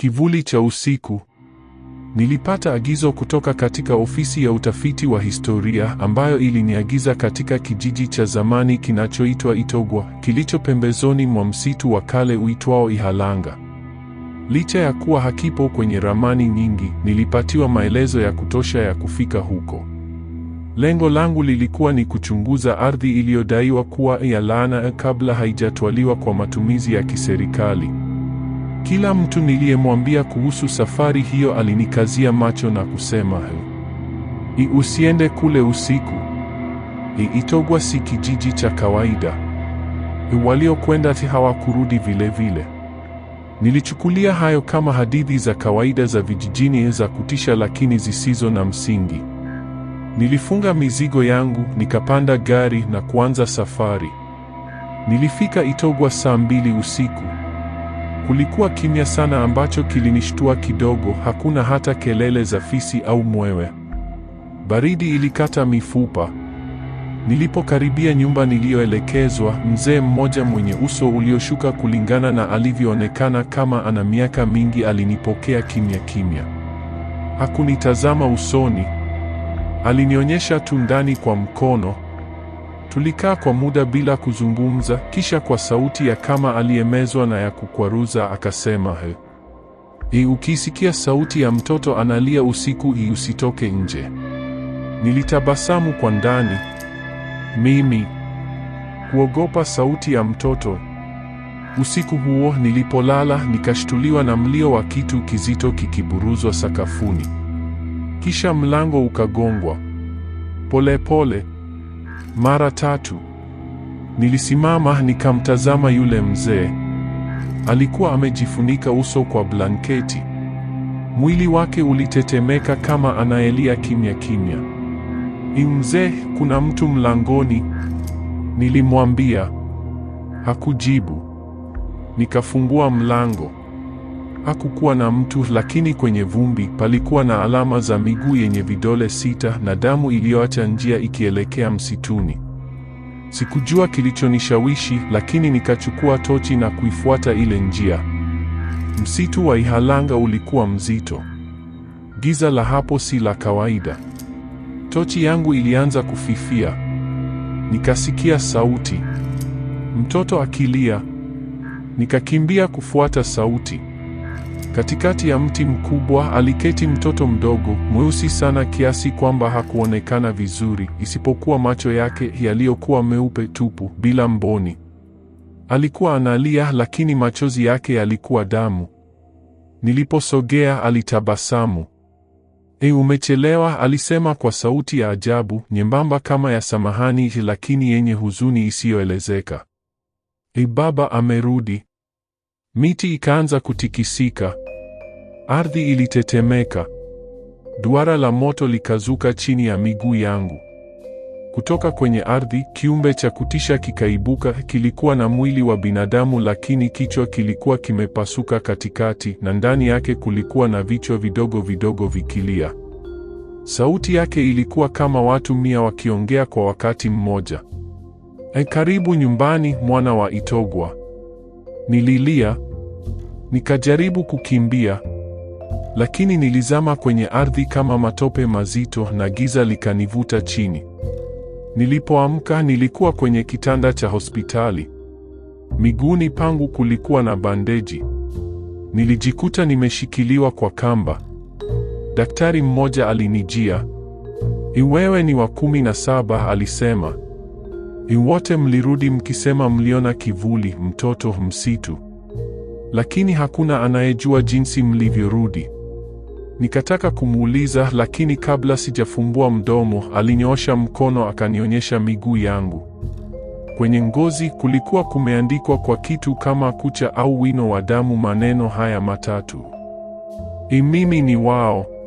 Kivuli cha usiku. Nilipata agizo kutoka katika ofisi ya utafiti wa historia ambayo iliniagiza katika kijiji cha zamani kinachoitwa Itogwa, kilicho pembezoni mwa msitu wa kale uitwao Ihalanga. Licha ya kuwa hakipo kwenye ramani nyingi, nilipatiwa maelezo ya kutosha ya kufika huko. Lengo langu lilikuwa ni kuchunguza ardhi iliyodaiwa kuwa ya laana kabla haijatwaliwa kwa matumizi ya kiserikali. Kila mtu niliyemwambia kuhusu safari hiyo alinikazia macho na kusema, I usiende kule usiku. I Itogwa si kijiji cha kawaida. Waliokwenda hawakurudi vile vile. Nilichukulia hayo kama hadithi za kawaida za vijijini za kutisha lakini zisizo na msingi. Nilifunga mizigo yangu, nikapanda gari na kuanza safari. Nilifika Itogwa saa mbili usiku. Kulikuwa kimya sana ambacho kilinishtua kidogo, hakuna hata kelele za fisi au mwewe. Baridi ilikata mifupa. Nilipokaribia nyumba niliyoelekezwa, mzee mmoja mwenye uso ulioshuka kulingana na alivyoonekana kama ana miaka mingi alinipokea kimya kimya. Hakunitazama usoni. Alinionyesha tu ndani kwa mkono. Tulikaa kwa muda bila kuzungumza, kisha kwa sauti ya kama aliyemezwa na ya kukwaruza akasema, he hii ukisikia sauti ya mtoto analia usiku hii usitoke nje. Nilitabasamu kwa ndani, mimi kuogopa sauti ya mtoto. Usiku huo nilipolala, nikashtuliwa na mlio wa kitu kizito kikiburuzwa sakafuni, kisha mlango ukagongwa polepole pole mara tatu. Nilisimama nikamtazama yule mzee. Alikuwa amejifunika uso kwa blanketi. Mwili wake ulitetemeka kama anaelia kimya kimya. I mzee, kuna mtu mlangoni, nilimwambia. Hakujibu. Nikafungua mlango. Hakukuwa na mtu, lakini kwenye vumbi palikuwa na alama za miguu yenye vidole sita na damu iliyoacha njia ikielekea msituni. Sikujua kilichonishawishi, lakini nikachukua tochi na kuifuata ile njia. Msitu wa Ihalanga ulikuwa mzito. Giza la hapo si la kawaida. Tochi yangu ilianza kufifia. Nikasikia sauti, mtoto akilia. Nikakimbia kufuata sauti. Katikati ya mti mkubwa aliketi mtoto mdogo mweusi sana kiasi kwamba hakuonekana vizuri, isipokuwa macho yake yaliyokuwa meupe tupu bila mboni. Alikuwa analia, lakini machozi yake yalikuwa damu. Niliposogea alitabasamu. E, umechelewa, alisema kwa sauti ya ajabu nyembamba kama ya samahani, lakini yenye huzuni isiyoelezeka. E, baba amerudi. Miti ikaanza kutikisika, ardhi ilitetemeka, duara la moto likazuka chini ya miguu yangu. Kutoka kwenye ardhi, kiumbe cha kutisha kikaibuka. Kilikuwa na mwili wa binadamu, lakini kichwa kilikuwa kimepasuka katikati, na ndani yake kulikuwa na vichwa vidogo vidogo vikilia. Sauti yake ilikuwa kama watu mia wakiongea kwa wakati mmoja. E, karibu nyumbani, mwana wa Itogwa. Nililia, nikajaribu kukimbia, lakini nilizama kwenye ardhi kama matope mazito na giza likanivuta chini. Nilipoamka nilikuwa kwenye kitanda cha hospitali. Miguuni pangu kulikuwa na bandeji. Nilijikuta nimeshikiliwa kwa kamba. Daktari mmoja alinijia. Iwewe ni wa kumi na saba, alisema. Wote mlirudi mkisema mliona kivuli, mtoto, msitu, lakini hakuna anayejua jinsi mlivyorudi. Nikataka kumuuliza, lakini kabla sijafumbua mdomo, alinyoosha mkono akanionyesha miguu yangu. Kwenye ngozi kulikuwa kumeandikwa kwa kitu kama kucha au wino wa damu maneno haya matatu: Mimi ni wao.